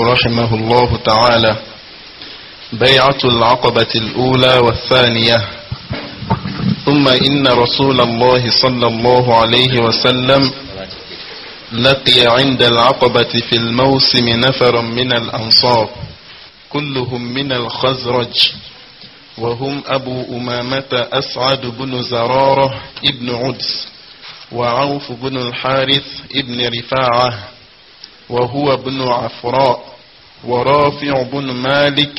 رحمه الله تعالى بيعة العقبة الأولى والثانية ثم إن رسول الله صلى الله عليه وسلم لقي عند العقبة في الموسم نفرا من الأنصار كلهم من الخزرج وهم أبو أمامة أسعد بن زرارة ابن عدس وعوف بن الحارث ابن رفاعة وهو ابن عفراء ورافع بن مالك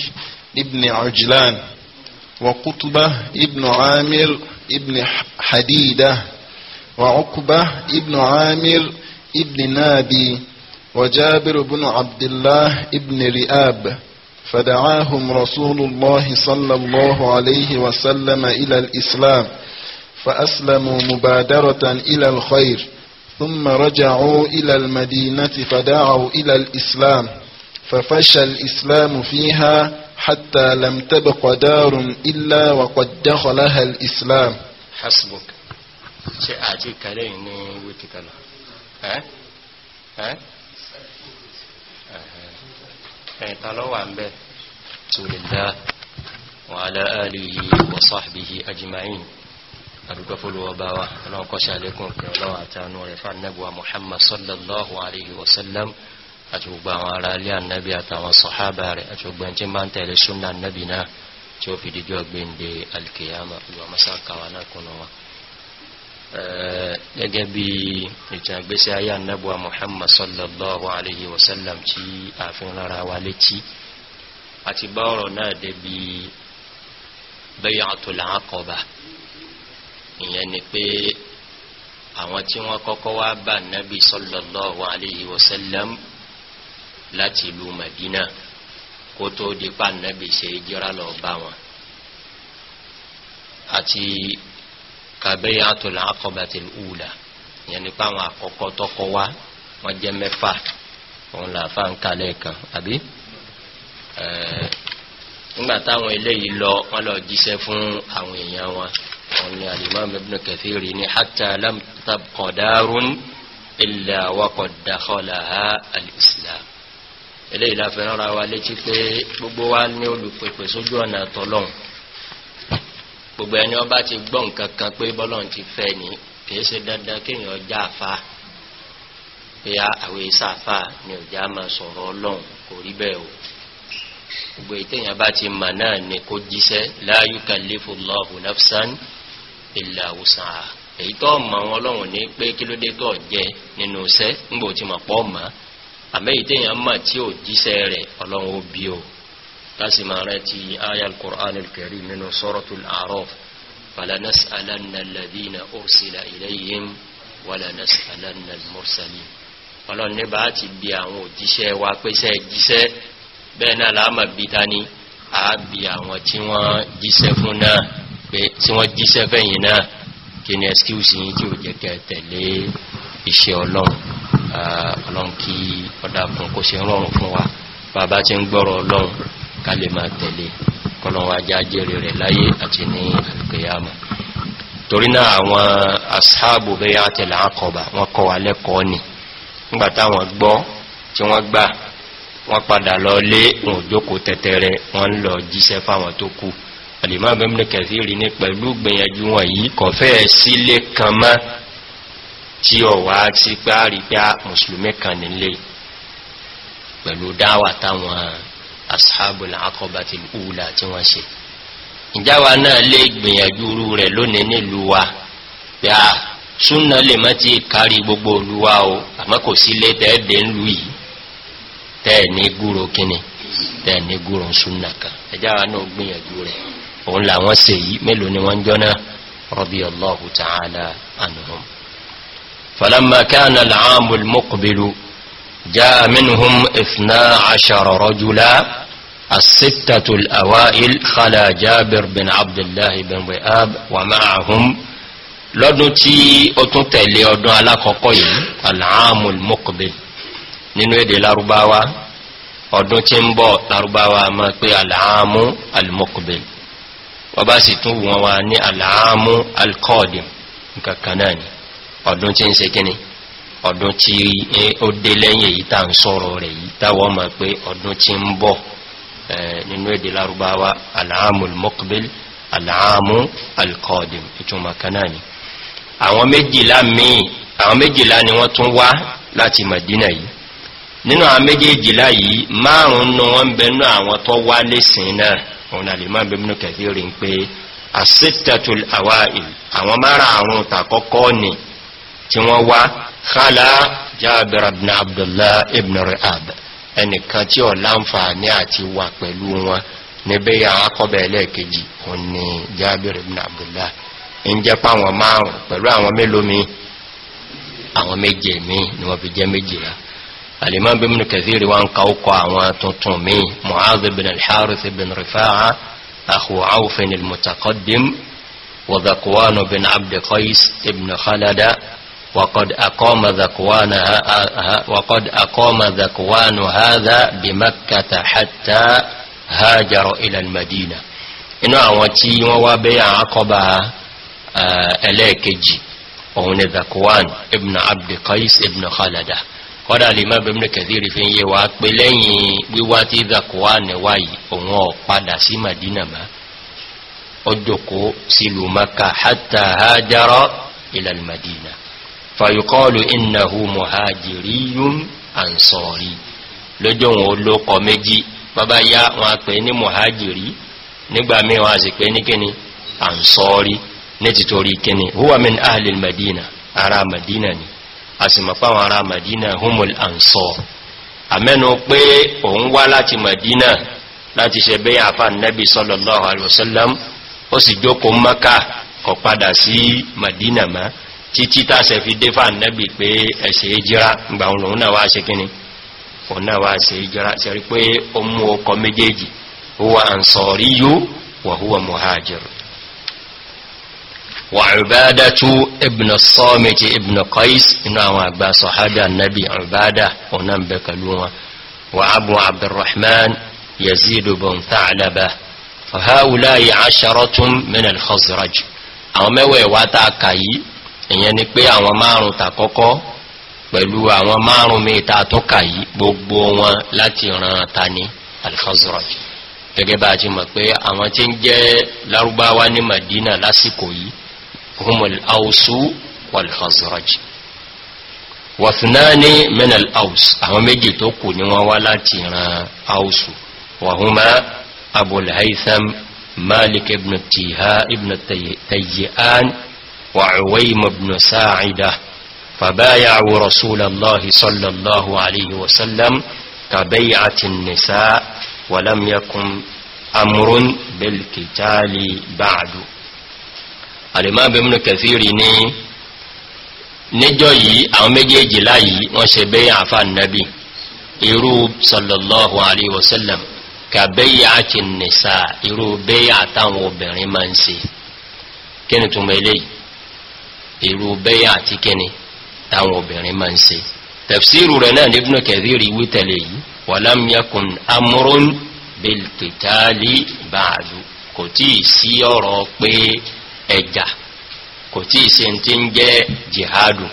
ابن عجلان وقطبة ابن عامر ابن حديدة وعقبة ابن عامر ابن نادي وجابر بن عبد الله ابن رئاب فدعاهم رسول الله صلى الله عليه وسلم إلى الإسلام فأسلموا مبادرة إلى الخير ثم رجعوا إلى المدينة فدعوا إلى الإسلام ففشى الإسلام فيها حتى لم تبق دار إلا وقد دخلها الإسلام حسبك ها ها ها ها؟ ها؟ ها ها ها ها ها ها ها ها ها ها ها ها ها adúgbò fọlọ́wọ́ba wa ọlọ́run kọ́ ṣàlékún kí ọlọ́run àtàánú rẹ̀ fún anábùwà muhammad sallallahu alayhi wa sallam àti gbogbo àwọn ará ilé anábì àtàwọn sọ̀hábà rẹ̀ àti gbogbo ẹni tí máa ń tẹ̀lé súnà anábì náà tí ó fi dijọ́ gbéǹde alkiyama ìwà mọ́sákàwá náà kùnà wa. gẹ́gẹ́ bí ìtàn ìgbésí ayé anábùwà muhammad sallallahu alayhi wa sallam tí àfin rárá wa létí àti bá ọ̀rọ̀ náà débi bay'atul aqaba ìyẹn ni pé àwọn tí wọ́n kọ́kọ́ wá bá nábì sallallahu alayhi wa sallam láti ìlú Madina kó tó di pa nábì ṣe jíra lọ bá wọn àti kabayatul aqabatil ula ìyẹn ni pé àwọn àkọ́kọ́ tọ́kọ́ wá wọ́n jẹ́ mẹ́fà òun là fà ń kalẹ̀ kan àbí nígbà táwọn eléyìí lọ wọ́n lọ jíṣẹ́ fún àwọn èèyàn wọn ọ̀nà alimami ibn kathiri ni hatta lam tabqa darun illa waqad dakhalaha al-islam eléyìí la fẹ́ràn ara wa létí pé gbogbo wa ní olùpèpè sójú ọ̀nà àtọ́lọ́hún gbogbo ẹni ọba ti gbọ́ nǹkan kan pé bọ́lọ́hún ti fẹ́ ni kì í ṣe dandan kéèyàn já àfa pé àwọn èsà àfa ni òjá máa sọ̀rọ̀ ọlọ́hún kò rí bẹ́ẹ̀ o gbogbo ìtẹ̀yìn abá ti mà náà ni kó jíṣẹ́ la yukallifu Allahu nafsan ilẹ̀ àwùsàn à èyí tó mọ̀ wọn lọ́wọ́n ní pé kí ló dé tó jẹ nínú iṣẹ́ ńgbò tí mọ̀ pọ̀ mọ́ àmẹ́yìí téèyàn mọ̀ tí ò jíṣẹ́ rẹ̀ ọlọ́run ó bí o láti máa rẹ ti aya al-Qur'an al-Karim nínú Suratul A'raf falanas'alanna alladhina ursila ilayhim walanas'alanna al ọlọ́run ní bá ti bí àwọn òjíṣẹ́ wa pé sẹ́ jíṣẹ́ bẹ́ẹ̀ náà làá mọ̀ bí ta ni àá bí àwọn tí wọ́n jíṣẹ́ fún náà pé tí wọ́n jíṣẹ́ fẹ́yìn náà kí ni excuse yìí tí ó jẹ́ kẹ́ tẹ̀lé iṣẹ́ ọlọ́run ọlọ́run kí ọ̀dàkùn kó wa bàbá tí ń gbọ́rọ̀ ọlọ́run ká lè máa tẹ̀lé kọlọ́run ajá jẹ́rẹ̀ rẹ̀ láyé àti ní àlùkìyámà torí náà àwọn asáàbò bẹ́yà tẹ̀lé àkọ́bà wọ́n kọ́ wa lẹ́kọ̀ọ́ ni nígbà táwọn gbọ́ tí wọ́n gbà wọ́n padà lọ lé òun jókòó tẹ̀tẹ̀rẹ̀ wọ́n ń lọ jíṣẹ́ fáwọn tó kù Al-Imam Ibn Kathir ní pẹ̀lú gbìyànjú wọn yìí kọ̀ fẹ́ sílé kan mọ́ tí ọ wá sí pé a rí pé mùsùlùmí kan nílé pẹ̀lú dáwà táwọn ashabul aqabatil ula tí wọ́n ṣe ìjáwa náà lè gbìyànjú rú lónìí nílùú wa pé súnà lè má ti kárí gbogbo olúwa o àmọ́ kò sílé tẹ́ẹ̀dẹ̀ ńlú yìí tẹ́ẹ̀ ní gúrò kíni tẹ́ẹ̀ ní gúrò súnà kan ìjáwa náà gbìyànjú rẹ̀ òun làwọn ṣe yìí mélòó ni wọ́n jọ náà radiyallahu ta'ala anhum falamma kana al-'amu al-muqbilu جاء منهم اثنا عشر رجلا الستة الأوائل خلا جابر بن عبد الله بن وئاب ومعهم lọ́dún tí ó tún tẹ̀lé ọdún alákọ̀ọ́kọ́ yìí al'amul mokbil nínú èdè larubawa ọdún tí ń bọ̀ larubawa ma pé al'amu al wọ́n bá sì tún wọ́n wá ní aláàmú alkọ́ọ̀dìm nǹkankan náà ni ọdún tí ń ṣe kíni ọdún tí ó dé lẹ́yìn èyí tá ń sọ̀rọ̀ rẹ̀ yìí táwọn mọ̀ pé ọdún tí ń bọ̀ nínú èdè lárúbáwá aláàmú mọ́kbíl aláàmú alkọ́ọ̀dìm ìtumọ̀ kan ni àwọn méjìlá míì àwọn méjìlá ni wọ́n tún wá láti Mádínà yìí nínú àwọn méjèèjìlá yìí márùn-ún ni bẹnu àwọn tó wá lẹ́sìn náà òun náà lè máa bẹ múnú kẹfì rí pé asitatul awail àwọn mara àrùn tàkọ́kọ́ ni tí wọ́n wá khala jabir ibn abdullah ibn ri'ab ẹnìkan tí ó láǹfààní àti wà pẹ̀lú wọn níbẹ̀ yà akọ́bẹ̀ ẹlẹ́ẹ̀kejì òun ni jabir ibn abdullah ń jẹ́ pàwọn márùn pẹ̀lú àwọn mélòó mi àwọn méje mi ni wọ́n fi jẹ́ méjìlá الإمام ابن كثير وان قوقع وتطمي معاذ بن الحارث بن رفاعة أخو عوف المتقدم وذكوان بن عبد قيس بن خلد وقد أقام ذقوان وقد أقام ذكوان هذا بمكة حتى هاجر إلى المدينة إن àwọn ووابي عقبها آه، إليكجي bẹ́ àákọba ẹlẹ́ẹ̀kejì عبد قيس zakwan ibn kọ́dà lè má bẹ̀rẹ̀ kẹfìrì fi ń yé wa pé lẹ́yìn wíwá tí zakuwa nẹ̀wá yìí òun ọ̀padà sí madina ma ọjọ́kó sílù maka hatta hajara ilal madina fayukọ́lù innahu muhajiriyun ansori lójó wọn olókọ méjì bàbá ya wọn pè ní muhajiri nígbà míì wọn sì pè ní a sì mọ̀ páwọn ará madina humul ansor àmẹ́nu pé òun wá láti madina láti ṣe bẹ́ àfà nẹ́bí sallallahu alaihi wasallam ó sì jókòó mọ́ká kọ̀ padà sí madina mọ́ títí tàṣẹ fi dé fà nẹ́bí pé ẹ̀ṣẹ̀ ìjírá gbà òun náà wá ṣe kíni òun náà wá ṣe ìjírá ṣe rí pé ó mú ọkọ̀ méjèèjì huwa ansoriyu wa huwa muhajir wà ìbádátú ibn sọ́mìtì ibn qais inú àwọn àgbà sọ̀hádà nabi ìbádá ọ̀nà bẹ pẹ̀lú wọn wà abu abdurrahman yazid ibn thalaba fahawulayi asharatun min al-khazraj àwọn mẹ́wẹ̀ẹ́wá tá a kà yìí ìyẹn ni pé àwọn márùn tàkọ́kọ́ pẹ̀lú àwọn márùn mi ta tó kà gbogbo wọn láti ran tani al-khazraj gẹ́gẹ́ bá ti mọ̀ pé àwọn tí ń jẹ́ lárúbáwá ní madina lásìkò yìí هم الأوس والخزرج واثنان من الأوس هم يجي توقو نواوا أوس وهما أبو الهيثم مالك ابن التيهاء ابن التيئان وعويم بن ساعدة فبايعوا رسول الله صلى الله عليه وسلم كبيعة النساء ولم يكن أمر بالقتال بعد àlèmọ́ abẹ́múnú kẹfìrì ní níjọ́ yìí àwọn méjèèjì láyìí wọ́n ṣe bẹ́yà àfà nàbí irú sallallahu alayhi wa sallam kàbẹ́yà àti nìsà irú bẹ́yà àtàwọn obìnrin máa ń ṣe kíni tún mọ eléyìí irú bẹ́yà àti kíni táwọn obìnrin máa ń ṣe tafsiru rẹ̀ náà níbùnú kẹfìrì wí tẹ̀lé yìí walam yakun amrun bilkitali ba'du kò tí ì sí ọ̀rọ̀ pé ẹ̀jà kò tí ì ṣe tí ń jẹ́ jihadu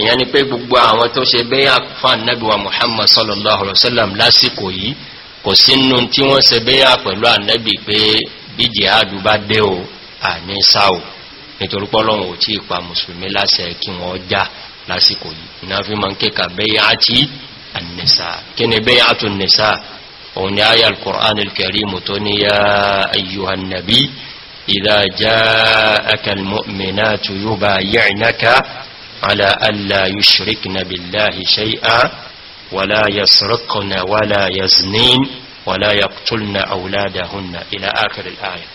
ìyẹn ni pé gbogbo àwọn tó ṣe bẹ́yà fún anábíwa muhammad sallallahu alaihi wasallam lásìkò yìí kò sínú tí wọ́n ṣe bẹ́yà pẹ̀lú anábì pé bí jihadu bá dé o àní sá o nítorí pọ́lọ́run ò tí ì pa mùsùlùmí láṣẹ kí wọ́n já lásìkò yìí iná fi máa ń kéka bẹ́yà àti ànẹ́sà kí ni bẹ́yà àtúnẹ́sà òun ni ayé al-Qur'an al-Karim إذا جاءك المؤمنات يبايعنك على ألا يشركن بالله شيئا ولا يسرقن ولا يزنين ولا يقتلن أولادهن إلى آخر الآية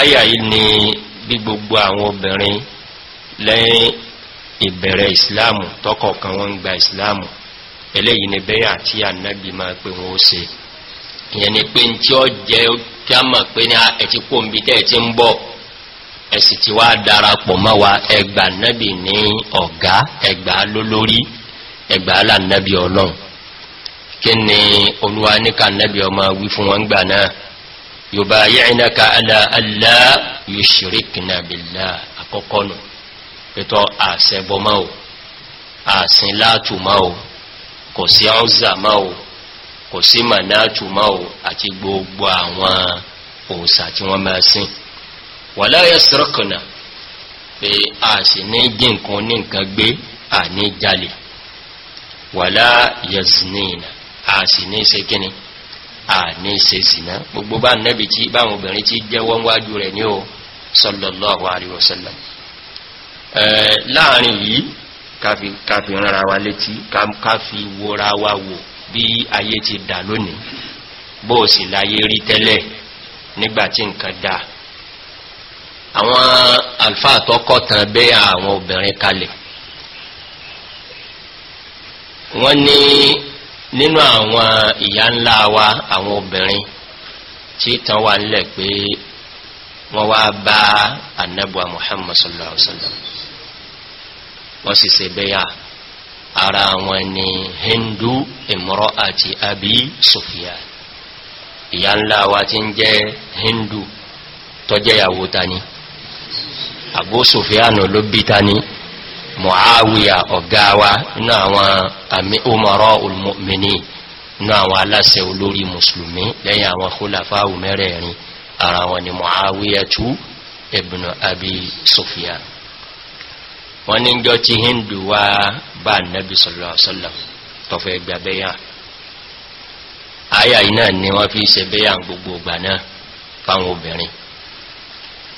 آية إني بيبقوا عن وبرين لين ìbẹ̀rẹ̀ ìsìláàmù tọ́kọ̀ọ̀kan wọ́n ń gba ìsìláàmù eléyìí ni bẹ́ẹ̀ àti ànábì máa pé wọ́n ó se ìyẹn ni pé tí ó jẹ́ kí a mọ̀ pé ní ẹ̀tí kó ń bí tẹ́ ti ń bọ̀ ẹ̀sì tí wá darapọ̀ mọ́ wa ẹgbà nábì ní ọ̀gá ẹgbà lólórí ẹgbà alánàbì ọlọ́run kí ni olúwa níka nábì ọmọ wí fún wọn gbà náà yubayi'naka ala alla yushrikna billah àkọ́kọ́ nù pẹ̀tọ́ àṣẹbọmọ́ o àṣìnlátùmọ́ o kò sí ọ́nzàmọ́ o kò sí manatu mao àti gbogbo àwọn òòsà tí wọ́n máa sìn wala yasraqna pé a sì ní jí nǹkan ní nǹkan gbé à ní jalè wala yaznina a sì ní ṣe kíni à ní ṣe zina gbogbo bá nẹ́bi tí báwọn obìnrin ti jẹ́wọ́ wájú rẹ̀ ní o sallallahu alaihi wasallam láàrin yìí káfi rárá wa létí káfi wora wa wò bí ayé ti dà lónìí bó o sì láyé rí tẹ́lẹ̀ nígbàtí nǹkan dà àwọn àlùfáà tọkọ tán bẹ́ àwọn obìnrin kalẹ̀ wọ́n ní nínú àwọn ìyá ńlá wa àwọn obìnrin tí tán wà ńlẹ̀ pé wọ́n wá bá anabuwa muhammadu sallallahu alaihi wa wọ́n sì ṣe bẹ́yà ara wọn ni hindu imro àti abi sofia ìyá ńlá wa ti ń jẹ́ hindu tọ́jẹ́yàwó ta ni àbó sofia nù ló bí ta ni muawiya ọ̀gá wa inú àwọn àmì umarọ olùmọ̀mìnì inú àwọn aláṣẹ olórí mùsùlùmí lẹ́yìn àwọn khulafa'u mẹ́rẹ̀ẹ̀rin ara wọn ni muawiya tu ibn abi sofia wọ́n ní jọ ti hindu wá bá nẹ́bí sọ̀lọ̀sọ̀lọ̀ tọ́fẹ́ gbà bẹ́yà àyà iná ni wọ́n fi ṣe bẹ́yà gbogbo ìgbà náà fáwọn obìnrin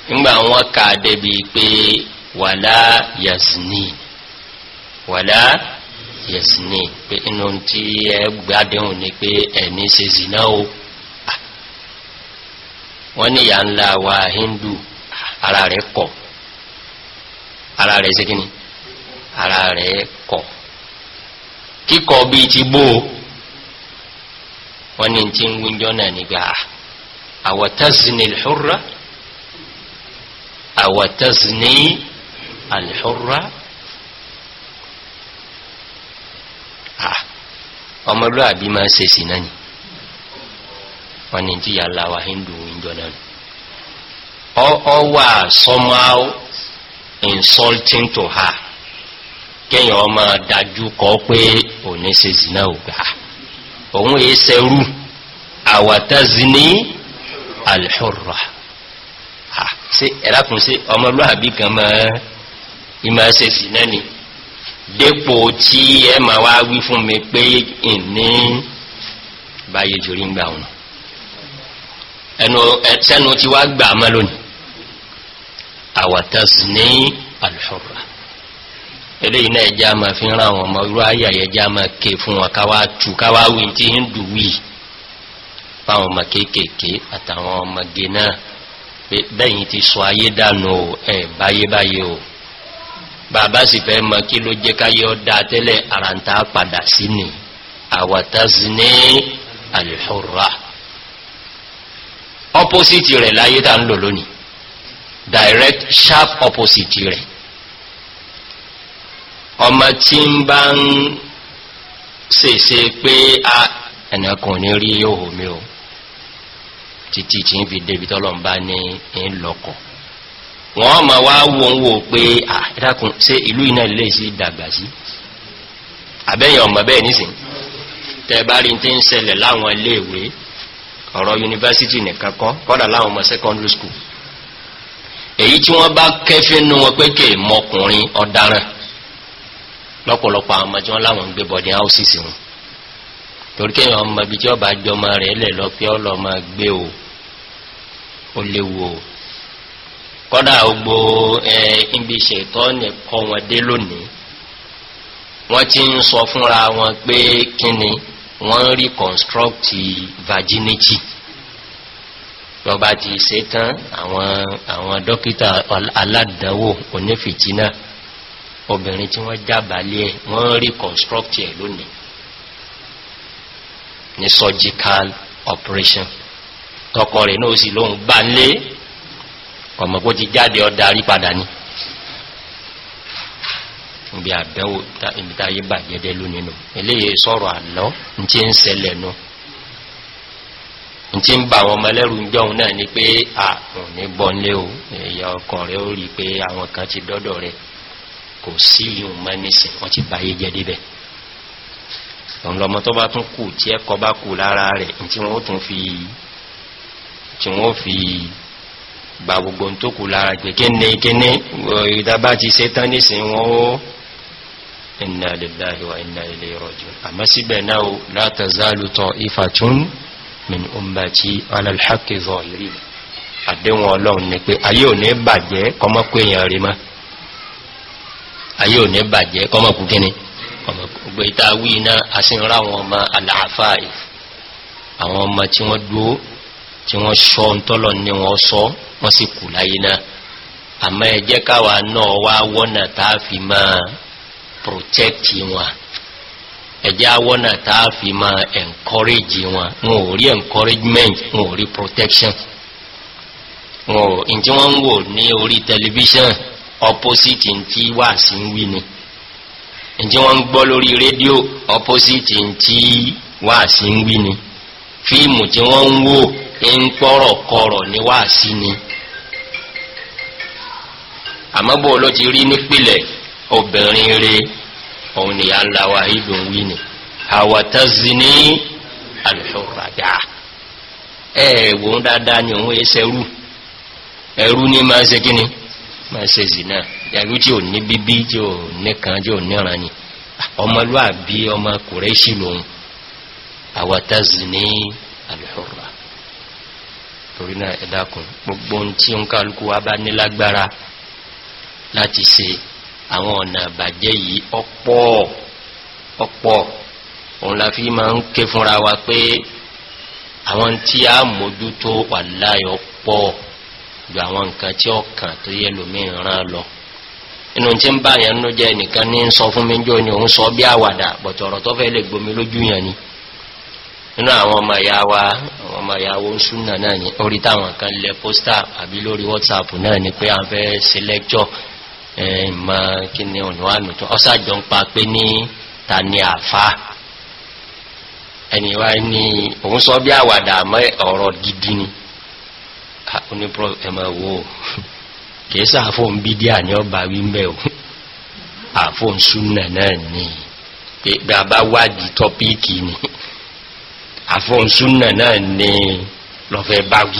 nígbà wọn kà débi pé wàlá yasini wàlá yasini pé inú tí ẹ gbádùn ni pé ẹni ṣe zina o wọ́n ní ìyá ńlá wa hindu ara rẹ̀ kọ̀ ara rẹ̀ ṣe kíni ara rẹ̀ kọ̀ kíkọ̀ bí ti bó wọ́n ní tí ń wúnjọ́ náà nígbà ah, àwọ̀tẹ́sìnì al-hurra àwọ̀tẹ́sìnì al-hurra ah, ọmọlúwàbí máa ṣe sí náà ni wọ́n ní tí yà láwà hindu wúnjọ́ náà ọ wà insulting to her kéèyàn ọmọ dájú kọ pé òní ṣe zina ògbà òun èé ṣẹrú àwàtazini alḥurra ha ṣe ẹlákùn ṣe ọmọlúwàbí kan máa ìmọ̀ ṣe zina ni dépò tí ẹ máa wá wí fún mi pé ìní báyé jòrí ń gbà wọn ẹnu ẹsẹnu tí gbà á lónìí àwàtásíní alhurra eléyìí náà ẹja máa fi ń ra àwọn ọmọ irú ayà ẹja máa ké fún wọn káwá tu káwá wí tí ń dùn wí fáwọn ọmọ kéékèèké àtàwọn ọmọge náà bẹ́yìn ti sọ ayé dànù ẹ̀ báyébáyé o bàbá sì fẹ́ mọ kí ló jẹ́ káyé ọ̀dà tẹ́lẹ̀ àràǹtà padà sí ni àwàtásíní alhurra opposite rẹ̀ láyé tá ń lò lónìí direct sharp opposite rẹ̀ ọmọ tí ń bá ń ṣèṣe pé a ẹnìkan ní rí òhò mi o títí tí ń fi débi tọ́lọ̀ ń bá ní ń lọ́kọ̀ wọ́n ma wá wo ń wo pé à ìdákun ṣe ìlú iná lè sí dàgbà sí àbẹ́yìn ọmọ bẹ́ẹ̀ nísìn tẹ́ bá rí tí ń ṣẹlẹ̀ láwọn iléèwé ọ̀rọ̀ yunifásitì nìkan kọ́ kọ́dà láwọn ọmọ secondary school èyí tí wọ́n bá kẹ́fẹ́ nu wọn pé kè mọkùnrin ọ̀daràn lọ́pọ̀lọpọ̀ àwọn ọmọdé wọn láwọn ń gbé bọ́dí áùsìsì wọn torí kéèyàn ọmọ ibi tí ọba àjọ ọmọ rẹ̀ lẹ̀ lọ pé ọlọ́ máa gbé o ó léwu o kọ́dà gbogbo ẹ ibi ìṣètọ́ nìkọ́ wọn dé lónìí wọ́n ti ń sọ fúnra wọn pé kíni wọ́n ń reconstruct virginity lọ́ba ti ṣe tán àwọn dókítà aládánwò onífìtínà obìnrin tí wọ́n jábàálẹ̀ ẹ̀ wọ́n reconstruct ẹ̀ lónìí ní surgical operation tọkọ rẹ̀ náà sì lóun gbà lé ọmọ kó ti jáde ọdarí padà ni níbi àbẹ̀wò ibi táyé bàjẹ́ dé lónìí nù eléyìí sọ̀rọ̀ àlọ́ ní ti ń ṣẹlẹ̀ nù. No tí ń bá àwọn ọmọlẹ́rù ń jọun náà ni pé ààrùn ní bọ́nlé o èyà ọkàn rẹ̀ ó rí pé àwọn kan ti dọ́dọ̀ rẹ̀ kò sí ìhùn mọ́ nísìn wọ́n ti báyé jẹ́ débẹ̀ òun lọmọ tó bá tún kù tí ẹ̀kọ́ bá kù lára rẹ̀ tí wọ́n tún fi tí wọ́n fi gba gbogbo tó kù lára gbé kíní kíní ìdábá ti ṣe tán nísìn wọ́n ó inna lillahi wa inna ilayhi raji'un àmọ́ síbẹ̀ náà la tazalu ta'ifatun min ummati ala al-haqqi zahirin àdéhùn ọlọ́run ni pé ayé ò ní bàjẹ́ kọmọ kó èèyàn rí mọ́ ayé ò ní bàjẹ́ kọmọ kú kíni kọmọ kú gbé tá a wí iná asínra àwọn ọmọ àlàáfà àwọn ọmọ tí wọ́n dúró tí wọ́n sọ ntọ́lọ̀ ni wọ́n sọ wọ́n sì kù láyé náà àmọ́ ẹ jẹ́ káwa náà wá wọ́nà tá a fi máa protect wọn ẹjẹ́ awọ́nà tàà fi ma encourage wọn wọn ò rí encouragement wọn ò rí protection wọn ò in tí wọ́n ń wò ní orí tẹlifíṣàn opposite in tí wà sí ń wí ni in wọ́n ń gbọ́ lórí rédíò opposite in tí wà sí ń wí ni fíìmù tí wọ́n ń wò ń kọ̀rọ̀kọ̀rọ̀ ní wà sí ni àmọ́ bò ló ti rí nípìnlẹ̀ obìnrin rèé òun ni ya ń la wa ìdùn wí ni àwàtazini alùsọ̀rọ̀dà ẹ wò ń dáadáa ni òun èsẹ̀ ẹrú ẹrú ní máa ń ṣe kíni máa ń ṣe zina ẹrú tí ò ní bíbí tí ò ní kan tí ò níran ni ọmọlúàbí ọmọ kùrẹ́ṣì lòun àwàtazini alùsọ̀rọ̀dà torí náà ẹ dákun gbogbo ohun tí ń kálukú wa bá ní lágbára láti ṣe àwọn ọ̀nà àbàjẹ́ yìí ọ̀pọ̀ ọ̀pọ̀ òun la fi máa ń ké fúnra wa pé àwọn tí a mójútó wà láyọ̀ pọ̀ ju àwọn nǹkan tí ọkàn tó yẹ lómìnira lọ inú tí ń bá yẹn nú jẹ́ nìkan ní sọ fún mi jọ ni òun sọ bí àwàdà bọ̀tọ̀rọ̀ tó fẹ́ lè gbomi lójú yẹn ni nínú àwọn ọmọ ìyá wa àwọn ọmọ ìyá wo ń súnà náà ni orí táwọn kan lẹ pósítà àbí lórí whatsapp náà ni pé a fẹ́ ṣe lẹ́kṣọ̀ ìmọ̀ kíni ònúwànù tó ọ́sàjọ́ ń pa pé ní ta ni àfa ẹni wá ní òun sọ bí àwàdà àmọ́ ọ̀rọ̀ gidi ni onípro ẹ̀mọ̀ wo kìí sáàfóun bídíà ní ọba wíńbẹ̀ o àfóun súnà náà ni pé bá wádìí tọ́píìkì ni àfóun súnà náà ni lọ́fẹ́ báwí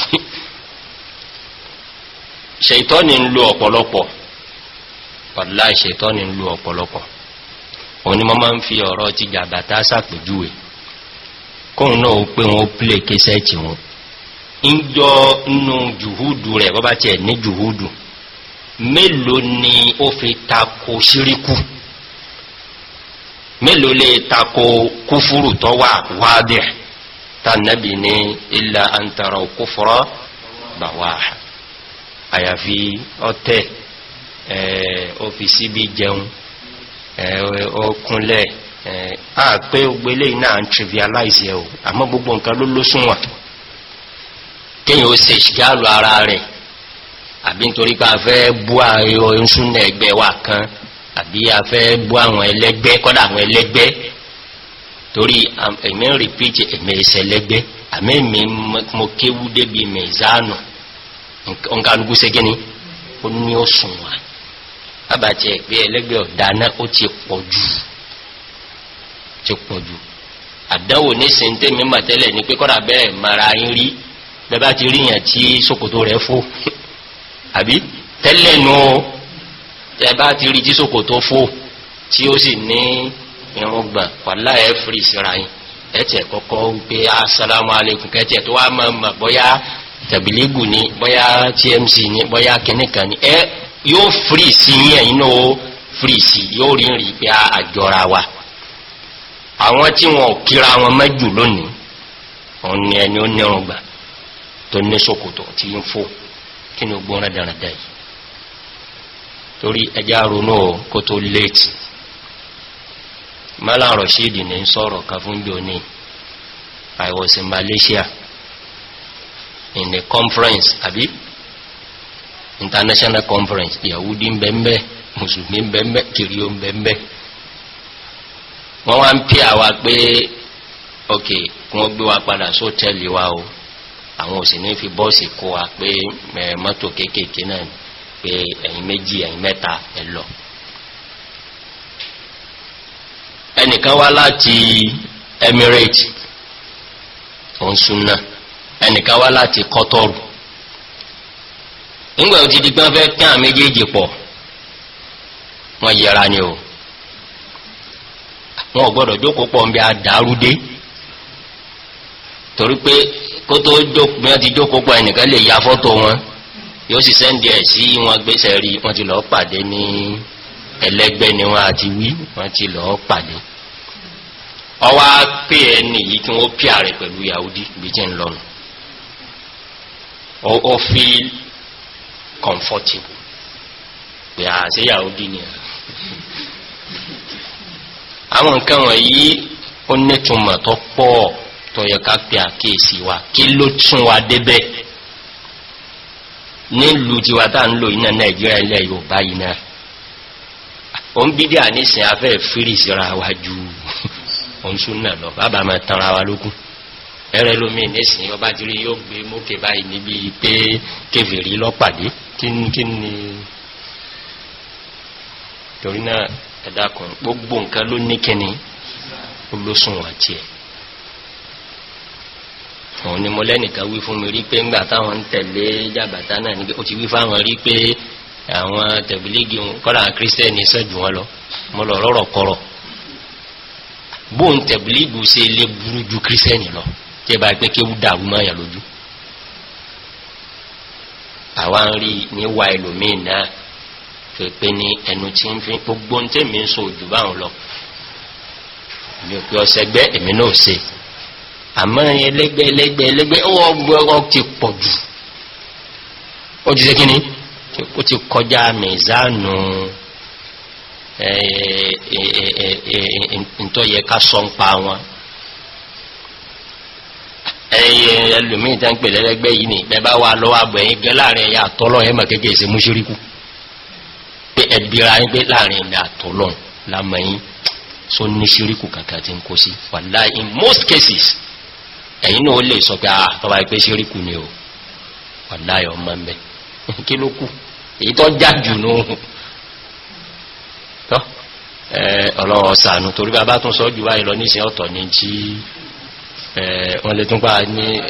ṣètọ́ ni ń lo ọ̀pọ̀lọpọ̀ wàlá ìṣètọ́ ni ń lo ọ̀pọ̀lọpọ̀ òun ni mo máa ń fi ọ̀rọ̀ ti jàbàtà sàpèjúwe kóun náà ó pé wọn ó pílè kéṣẹ́ẹ̀tì wọn ń jọ nínú jùhúdù rẹ̀ bọ́bá tiẹ̀ ní jùhúdù mélòó ni ó fi tako síríkù mélòó lè tako kúfúrù tó wà wádìí tànàbì ní ilà àǹtàrà òkúfọ́rọ́ bàwá àyàfi ọ̀tẹ̀. ó fi síbí jẹun ó kúnlẹ̀ a pé gbélé náà ń trivialize ẹ̀ o àmọ́ gbogbo nǹkan ló lóṣùnwọ̀n kéèyàn ó ara rẹ̀ àbí nítorí pé a fẹ́ bú àwọn súnà ẹgbẹ́ wa kan àbí a fẹ́ bú àwọn ẹlẹ́gbẹ́ kọ́dà àwọn ẹlẹ́gbẹ́ torí um, èmi ń repeat èmi ẹsẹ̀ mo kéwú débi mẹ̀zánù nǹkan ṣe àbàtì ẹ̀pẹ́ ẹlẹ́gbẹ́ ọ̀dá náà ó ti pọ̀ jù ti pọ̀ jù àdánwò nísìn tèmi mà ni pé kọ́dà bẹ́ẹ̀ mara yín rí bẹ́ẹ̀ bá ti rí yàn tí ṣòkòtò rẹ̀ fò àbí tẹ́lẹ̀ nu tẹ́ bá ti rí tí ṣòkòtò fò tí ó sì ní irun gbọ̀n wàhálà ẹ̀ fìrì síra yín ẹ tiẹ̀ kọ́kọ́ wípé asalamu aleykum kẹ́tẹ̀ tó wàá mọ̀ mọ̀ bóyá tàbílẹ́gù ni bóyá tmc ni bóyá kìnnìkan ni ẹ yóò firi sí yín ẹ̀yin náà ó firi sí yóò rí rí pé àjọra wa àwọn tí wọn ò kíra wọn mẹ́jù lónìí wọn ní ẹni ó nírun gbà tó ní ṣòkòtò tí ń fò kí ni gbọ́n rádaràdà yìí torí ẹja ronú o kó tó léètì mọ́lá rọ̀ṣídì ní sọ̀rọ̀ kan fún jòní I was in Malaysia in the conference àbí international conference yahudi ń bẹ́ẹ̀mbẹ́ mùsùlùmí ń bẹ́ẹ̀mbẹ́ kiri ó ń bẹ́ẹ̀mbẹ́ wọ́n wá ń pí àwa pé ok kí wọ́n gbé wa padà sótẹ́ẹ̀lì wa o àwọn ò sì ní fi bọ́ọ̀sì kó wa pé mọ́tò kéékèèké náà ni pé ẹ̀yin méjì ẹ̀yin mẹ́ta ẹ lọ ẹnìkan wá láti Emirates òun sunna ẹnìkan wá láti Kọ́tọ́rù nígbà tí di gbọ́n fẹ́ tán méjèèjì pọ̀ wọ́n yẹra ni o wọn ò gbọ́dọ̀ jókòó pọ̀ nbí adàrúdé torí pé kó tó bí wọ́n ti jókòó pọ̀ ẹnìkan lè ya fọ́tò wọn yóò sì sẹ́ndì ẹ̀ sí wọn gbèsè rí wọ́n ti lọ́ọ́ pàdé ní ẹlẹ́gbẹ́ ni wọ́n àti wí wọ́n ti lọ́ọ́ pàdé ọwọ́ pé ẹni yìí kí wọ́n pè àrẹ pẹ̀lú Yahudi bí jẹ́ ńlọrun ó fi comfortable pé àṣeyàwó dì ní àwọn nǹkan wọ̀nyí ó nítumọ̀ tó pọ̀ tó yẹ ká pe àkíyèsí wa kí ló tún wa débẹ̀ nílùú tiwa tá à ń lò iná nàìjíríà ilẹ̀ yorùbá yìí náà òun bídí àníṣin afẹ́ fírì síra wa ju òun sún náà lọ bàbá máa tanra wa lókun ẹrẹ lómi nísìnyí ọba jírí yóò gbé mókè báyìí níbi pé kèfèrí lọ́pàdé kí ni torí náà ẹ̀dá kan gbogbo nǹkan ló ní kíni olóṣùn àti ẹ̀ òun ni mo lẹ́nìkan wí fún mi rí pé ńgbà táwọn ń tẹ̀lé jàbàtà náà ní pé ó ti wí fáwọn rí pé àwọn tẹ̀bílígì kọ́lá kírísítẹ́nì sẹ́jù wọn lọ mo lọ rọ́rọ̀ kọ́rọ̀ bóun tẹ̀bílígì ṣe lé burú ju kírísítẹ́nì lọ tí ẹ bá pé kéwú dàrú mọ́ yàn lójú àwa ń rí níwà ẹlòmíì náà tó pé ní ẹnu tí ń fi gbogbo ń tèmi ń so òjò báwọn lọ mi ò pé ọsẹ gbẹ èmi náà ṣe àmọ́ ẹlẹ́gbẹ́ ẹlẹ́gbẹ́ ẹlẹ́gbẹ́ ọwọ́ gbọ́rọ̀ ti pọ̀ jù ó ti ṣe kí ni ó ti kọjá mẹ̀zánù ntọ́ yẹ ká sọ ń pa wọn ẹ̀yẹ ẹlòmíì tẹ́ ń pè lẹ́lẹ́gbẹ́ yìí ni bẹ́ẹ̀ bá wà lọ́wọ́ àbọ̀ ẹ̀yìn gẹ́ láàrin ẹ̀yà àtọ́lọ́ ẹ̀ mọ̀ kéèkéè ṣe múṣíríkù pé ẹ̀bíra yín pé láàrin ẹ̀yà àtọ́lọ́ lámọ̀yìn só ní ṣíríkù kankan tí ń kó sí wàlá in most cases ẹ̀yìn náà ó lè sọ pé ah tọ́ba pé ṣíríkù ni o wàlá ẹ̀ ọmọ mẹ́ kí ló kù èyí tó já jù nù ọlọ́run ọ̀sán torí bá bá tún sọ jù báyìí lọ níṣẹ́ ọ̀tọ̀ ni tí Eh, wọ́n lè tún pa ní eh,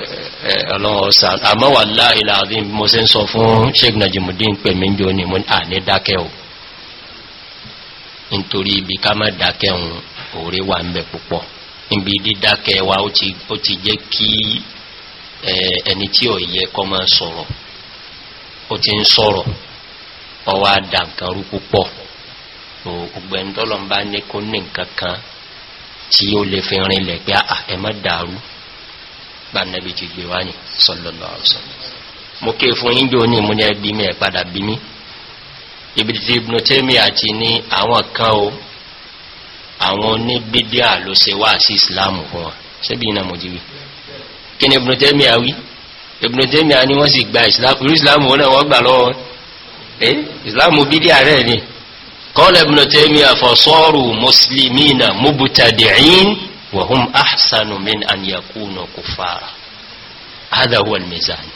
eh, ọlọ́ọ̀sà àmọ́ wà láìlà àbí mo se ń sọ fún sheik najimudin pè mí jò à ní dákẹ́ nítorí ibi ká má dákẹ́ òun wà ń bẹ púpọ̀ níbi wa ó ti jẹ́ kí ẹni tí ò yẹ kọ́ máa sọ̀rọ̀ ó ti ń sọ̀rọ̀ tí ó lè fi rin lẹ̀ pé ah, ẹ má dàrú bá nẹ́bí ti gbé wá ní sọlọ́lọ́ ọ̀sán mo ké fún yíjọ ní mo ní ẹbí mi padà bí mi ibi tí Ibn Taymi àti ní àwọn kan o àwọn oníbídíà ló ṣe wá sí Islam fún wa ṣébi iná mo ti kí ni Ibn Taymi àwí Ibn Taymi àní wọ́n sì gba Islam irú Islam wọn náà wọ́n gbà lọ́wọ́ eh Islam bídíà rẹ̀ ni. قال ابن تيمية فصاروا مسلمين مبتدعين وهم أحسن من أن يكونوا كفارا هذا هو الميزان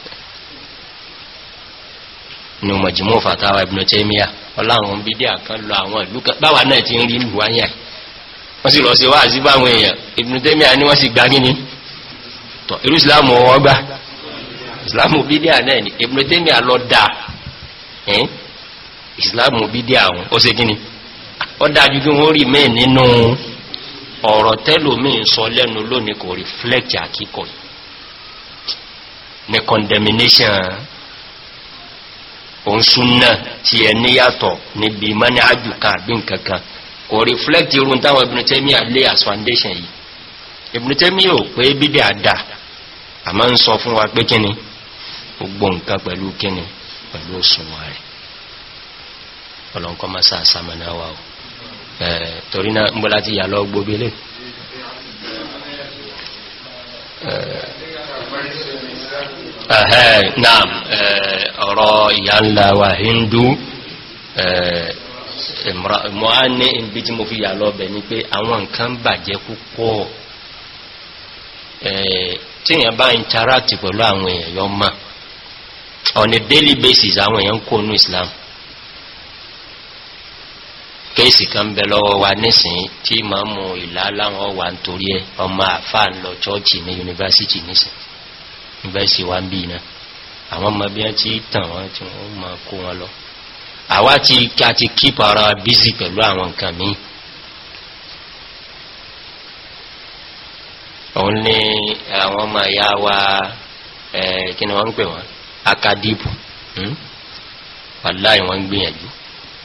ní mọ̀jímọ́ fàtàwà Ibn Taymiyyah ọláwọn bídí àkànlọ àwọn ìlú báwa náà ti ń rí ìlú wáyà wọ́n sì lọ sí wá sí báwọn èèyàn Ibn Taymiyyah ni wọ́n sì gbá gíní tọ̀ irú ìsìláàmù ọwọ́ gbá ìsìláàmù bídí àná ẹni Ibn Taymiyyah lọ dáa ìsìláàmù bídí àwọn ó ṣe kíni ó dájú kí wọ́n rí mí nínú ọ̀rọ̀ tẹ́lòmíín sọ lẹ́nu lónìí kò reflect àkíkọ̀ ní condemnation òun súnà tí ẹ níyàtọ̀ níbi mọ́ni àjùká àbí nǹkan kò reflect irun táwọn Ibn Taymiyyah lay as foundation yìí Ibn Taymiyyah ò pé bídí àdá àmọ́ ń sọ fún wa pé kíni gbogbo nǹkan pẹ̀lú kíni pẹ̀lú òṣùwọ̀n rẹ̀ ọlọ́nkọ́ má sà sàmànà wa o torí náà ń bọ́ láti yà lọ gbogbo ilé naam ọ̀rọ̀ ìyá ńlá wa hindu mọ́ á ní ibi tí mo fi yà lọ bẹ̀ pé àwọn nǹkan bàjẹ́ púpọ̀ tí bá ń pẹ̀lú àwọn èèyàn yọ mọ́ on a daily basis àwọn islam kéèsì kan ń bẹ lọ́wọ́ wa nísìnyí tí màá mú ìlà láwọn wà nítorí ẹ ọmọ àfa ń lọ chọ́ọ̀chì ní yunifásitì nísìn yunifásitì wa ń bí iná àwọn ọmọ bí wọn ti tàn wọn tí wọn máa kó wọn lọ àwa ti ká ti kíp ara bízì pẹ̀lú àwọn nǹkan míì òun ní àwọn ọmọ ìyá wa kí ni wọ́n ń pè wọ́n akadipu hmm? wàláì wọ́n ń gbìyànjú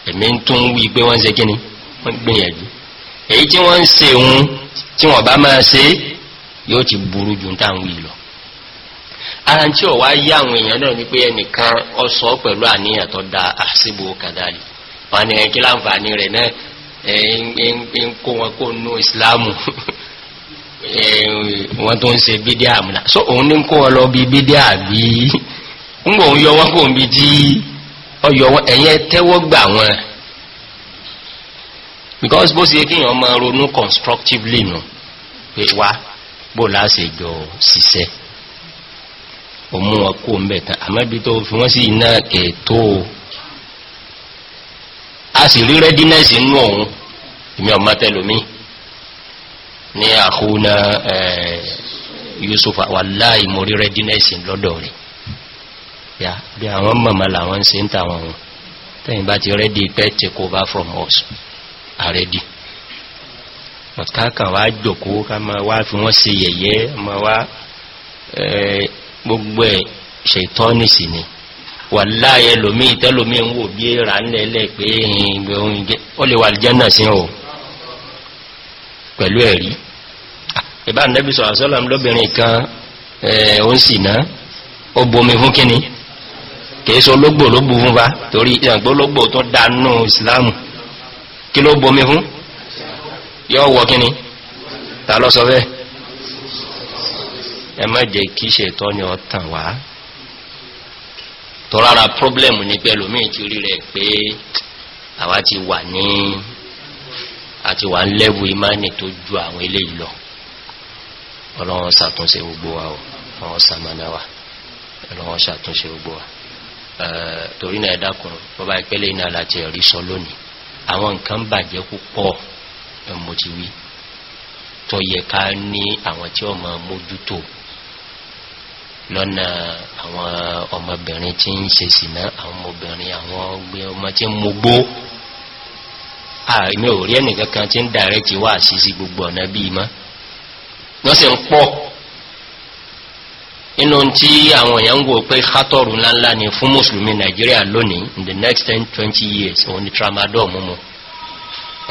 èmi ntụnwi wí pé wọ́n ń ṣe kí ni wọ́n gbìyànjú èyí tí wọ́n ń se òun tí wọ́n bá máa ṣe yóò ti burú ju táwọn wí lọ ara tí ọ̀ wá yí àwọn èèyàn náà ni ẹnìkan ọsọ pẹ̀lú àníyàn tó da àṣìbò kàdáàlì wọn ni kí láǹfààní náà ń kó wọn kó ìsìláàmù so òun kó wọn lọ bí bídíà ń yọ wọn kó ń ọyọ wọn ẹ̀yẹ tẹ́wọ́ gbà wọn because bó ṣe yẹ kéèyàn máa ronú constructively nù pé wá bó la ṣe jọ ṣiṣẹ́ o mú wọn kó ń bẹ̀ tán àmọ́ ibi tó fi wọ́n sí iná ètò a sì rí readiness nínú òun èmi ọmọ tẹlomi ní àkóónà Yusuf wallahi mo rí readiness lọ́dọ̀ rẹ̀ yà bí àwọn mọ̀mọ̀ làwọn ń se ń tàwọn ohun tẹ́yìn ti rẹ́dì pẹ́ take over from us already but káàkàn wá jòkóó ká máa wá fi wọ́n se yẹ̀yẹ́ máa wá gbogbo ẹ̀ ṣètọ́nì sí ni wà láàyè lómi ìtẹ́lómi ń wò bí ra ńlẹ̀lẹ̀ pé ó lè wà jẹ́nà sí o pẹ̀lú ẹ̀rí ìbá nẹ́bí sọ̀rọ̀ sọ́lọ́m lóbìnrin kan ó ń sì ná ó bomi fún kíni kèéso ológbò ló bú fún bá torí ìyàgbó ológbò tó dánú ìsìláàmù kí ló bomi fún yóò wọ kíni ta lọ sọ bẹ́ẹ̀ ẹ má jẹ́ kí ṣètọ́ ni ọ tàn wá tọ́lára problem ní pẹ̀lú míì ti rí rẹ̀ pé àwa ti wà ní àti wà ń lẹ́wù ìmáàni tó ju àwọn eléyìí lọ ọlọ́wọ́n ṣàtúnṣe gbogbo wa ọ̀ ọ̀sàmánà wa ọlọ́wọ́n ṣàtúnṣe gbogbo wa Eh, torí náà dákùn bọ́bá ìpẹ́lẹ̀ iná láti ẹ̀rí sọ lónìí àwọn nǹkan bàjẹ́ púpọ̀ ẹmọ ti wí tó yẹ ká ní àwọn tí ọmọ mójútó lọ́nà àwọn ọmọbìnrin tí ń ṣe sìná àwọn ọmọbìnrin àwọn ọgbẹ́ ọmọ tí ń mogbó àìmí ò ẹnìkankan tí ń dàrẹ́ wá sí sí gbogbo ọ̀nà bíi mọ́ wọ́n sì ń pọ̀ inú tí àwọn èèyàn ń wò pé hátọ́rù ńláńlá ni fún mùsùlùmí nàìjíríà lónìí in the next ten twenty years òun ni tramadol mímu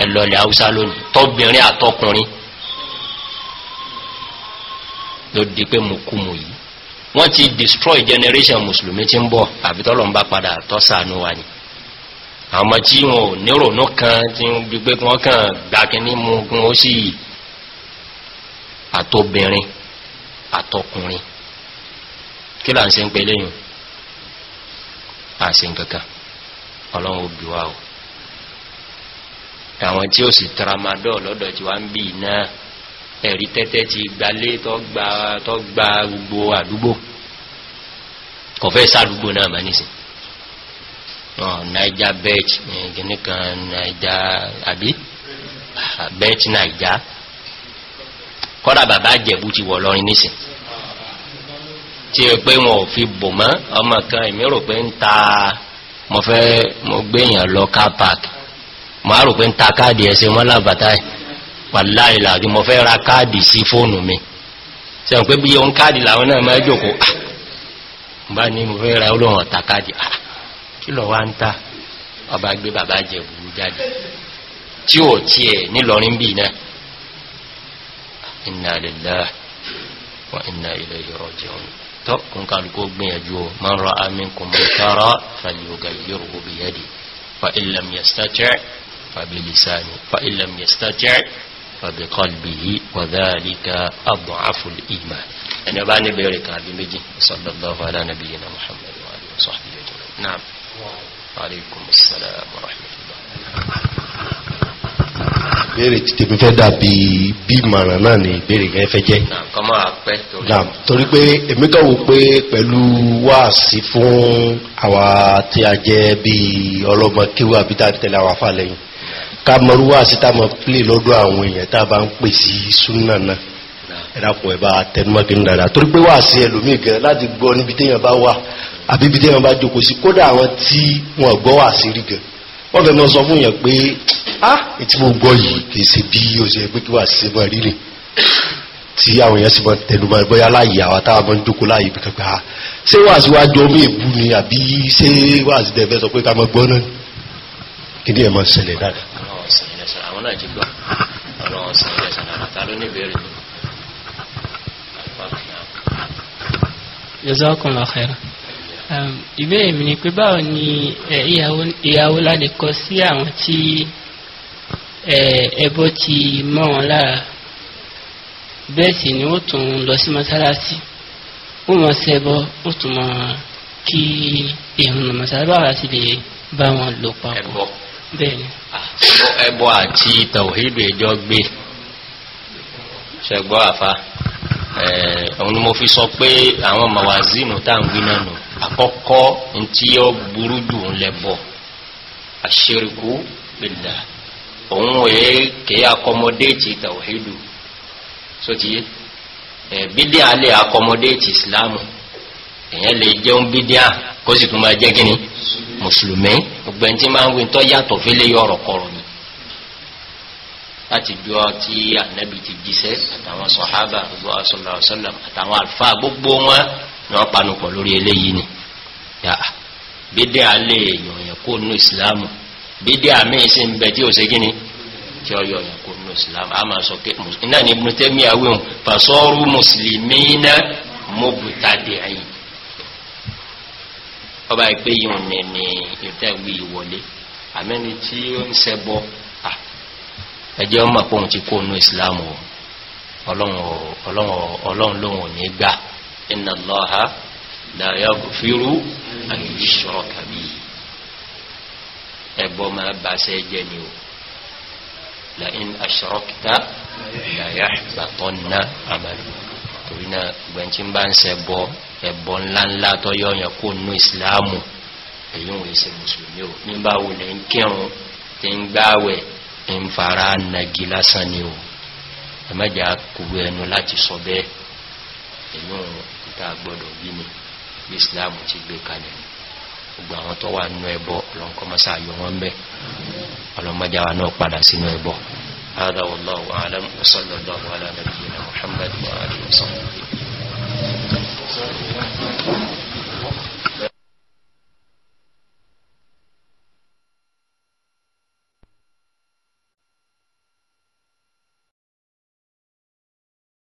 ẹlọ́lẹ̀ haúsá lónìí tọ́bìnrin àtọkùnrin ló di pé mo kú mo yìí wọ́n ti destroy generation mùsùlùmí tí ń bọ̀ àbítọ́lọ̀ ń bá padà tọ́ sànú wa ni àwọn ọmọ tí wọn ò níròónú kan tí ń gbígbé wọn kàn gbàkíní mu kí ó sì àtobìnrin àtọkùnrin kí là ń ṣe ń pè léyìn àṣe nkankan ọlọ́run òbí wa o àwọn tí ó sì tramadol lọ́dọ̀ tí wá ń bì náà ẹ̀rí tẹ́tẹ́ ti gbalé tó gba gbogbo àdúgbò kò fẹ́ sádúgbò náà mà nísìn naija bet gini kan naija àbí bet naija kọ́dà bàbá jẹ̀bú ti wọ̀ lọ́rin nísìn tí o pé wọn ò fi bò mọ́ ọmọ kan èmi rò pé ń ta mo fẹ́ mo gbéyàn lọ car park mo á rò pé ń ta káàdì ẹsẹ̀ wọn lábàtà ẹ̀ pàlá mo fẹ́ ra káàdì sí fóònù mi sẹ́wọ̀n pé bí ohun káàdì làwọn náà máa jòkó ah! bá ní mo fẹ́ ra olóhùn ọ̀tà káàdì ah! kí lọ wá ń ta ọba gbé bàbá jẹ òwú jáde tí ò tiẹ̀ nílọrin tọ́ kùnkàlùkù gbìyànjú man ra'a minkum munkaran falyughayyirhu biyadihi fa in lam yastati' fa lisani fa in lam yastati' fa biqalbihi wa dhalika ad'afu al-iman ẹni ọba ní bẹ̀rẹ̀ ká bí méjì sallallahu ala nabiyyina muhammad wa alihi wa sahbihi ajma'in na'am wa alaykum assalam wa rahmatullah ìbéèrè tí tèmi fẹ́ dàbí bí ìmọ̀ràn náà ni ìbéèrè yẹn fẹ́ jẹ́. kọ́mọ torí. pé èmi kàn pé pẹ̀lú wáàsí fún àwa tí a jẹ́ bíi ọlọ́mọ kéwà bí tá a tẹ̀lé àwa fà lẹ́yìn ká mọ̀rú wáàsí tá a mọ̀ pílè lọ́dọ̀ àwọn èèyàn tá a bá ń pè sí súnà náà ẹ̀dàpọ̀ ẹ̀ bá tẹnumọ́ kí n dada torí pé wáàsí ẹlòmíì gan láti gbọ́ níbi téèyàn bá wọ́n fẹ́ mọ sọ fún yẹn pé ah etí mo gbọ́ yìí kì í ṣe bí o ṣe pé kí wàá ṣe mọ́ rírì tí àwọn èèyàn sì mọ tẹnumọ́ ẹ bóyá láàyè àwa táwọn máa ń jókòó láàyè bí kankan ah, ṣé wàá sí wàá jọ mí èbú ni àbí ṣé wàá sí dẹ̀fẹ́ sọ pé ká mọ gbọ́ náà kí ni ẹ̀ máa ṣẹlẹ̀ dáadáa. àwọn náà ti gbọ́ ọlọ́run sàn ilẹ̀ sàn àtà ló ní ìbéèrè mi. jazakumullahu khairan ìbéèrè mi ni pé báwo ni ìyàwó láti kọ sí àwọn tí ẹbọ ti mọ́ wọn lára bẹ́ẹ̀ sì ni ó tún lọ sí mọ́sálásí ó mọ̀ ṣẹbọ ó tún mọ̀ kí ìrun mọ́sálásí báwa sì lè bá wọn lò papọ̀ bẹ́ẹ̀ ni. ẹbọ àti tàwíìdù ẹjọ gbé ṣẹgbọ́ àfa ọ̀hún ni mo fi sọ pé àwọn màwázínù tá à ń gbin náà nù àkọ́kọ́ ntí yọ burudu jù ń lẹ bọ àṣírikú bìlà òun ò yẹ kéé akọmọdéètì tàwíìdù sotiye ẹ bídíà lè akọmọdéètì ìsìlámù èèyàn lè jẹun bídíà kó sì tún máa jẹ kínní mùsùlùmí gbogbo ẹni tí máa ń wí ni láti jọ tí ànábì ti jíṣẹ́ àtàwọn sọ̀hábà gbogbo àṣọlá ọ̀sọ́lá àtàwọn àlùfáà gbogbo wọn ni wọ́n panupọ̀ lórí eléyìí ni bídé alẹ́ èèyàn kó nù ìsìlámù bídé àmì ìsìn bẹ tí ó ṣe gíní tí ó yọ̀yàn kó nù ìsìlámù a máa sọ pé iná ní Ibn Taymiyyah wíhùn fàṣọ́rù mùsùlùmí náà mọ́bùtàdé ayé ọba ìpé yìí ní ní ìtẹ̀wé ìwọlé àmẹ́ni tí ó ń ṣẹbọ ẹjẹ́ ọmọ pọ̀hùn ti kó nù ìsìlámù ọlọ́run lóhùn ò ní gbà inna Allaha la yaghfiru an yushraka bihi ẹbọ máa bàṣẹ jẹ́ ni o la in ashrakta la yahbatanna amalu torí náà gbẹ̀ntì bá ń ṣẹbọ ẹbọ ńláńlá tó yọ̀yàn kó nù ìsìláàmù èyí wọn ṣe mùsùlùmí o nígbà wo lè ń kírun tí ń fara nàgí lásán ni o ẹ má jà ẹnu láti sọ bẹ́ẹ̀ inú ìta gbọ́dọ̀ bí ni islam ti gbé kalẹ̀ gbogbo àwọn tó wà nínú ẹbọ lọ́nkọ́mọ́sá ayọ̀ wọn bẹ́ ọlọ́mọdé àwọn náà padà sínú ẹbọ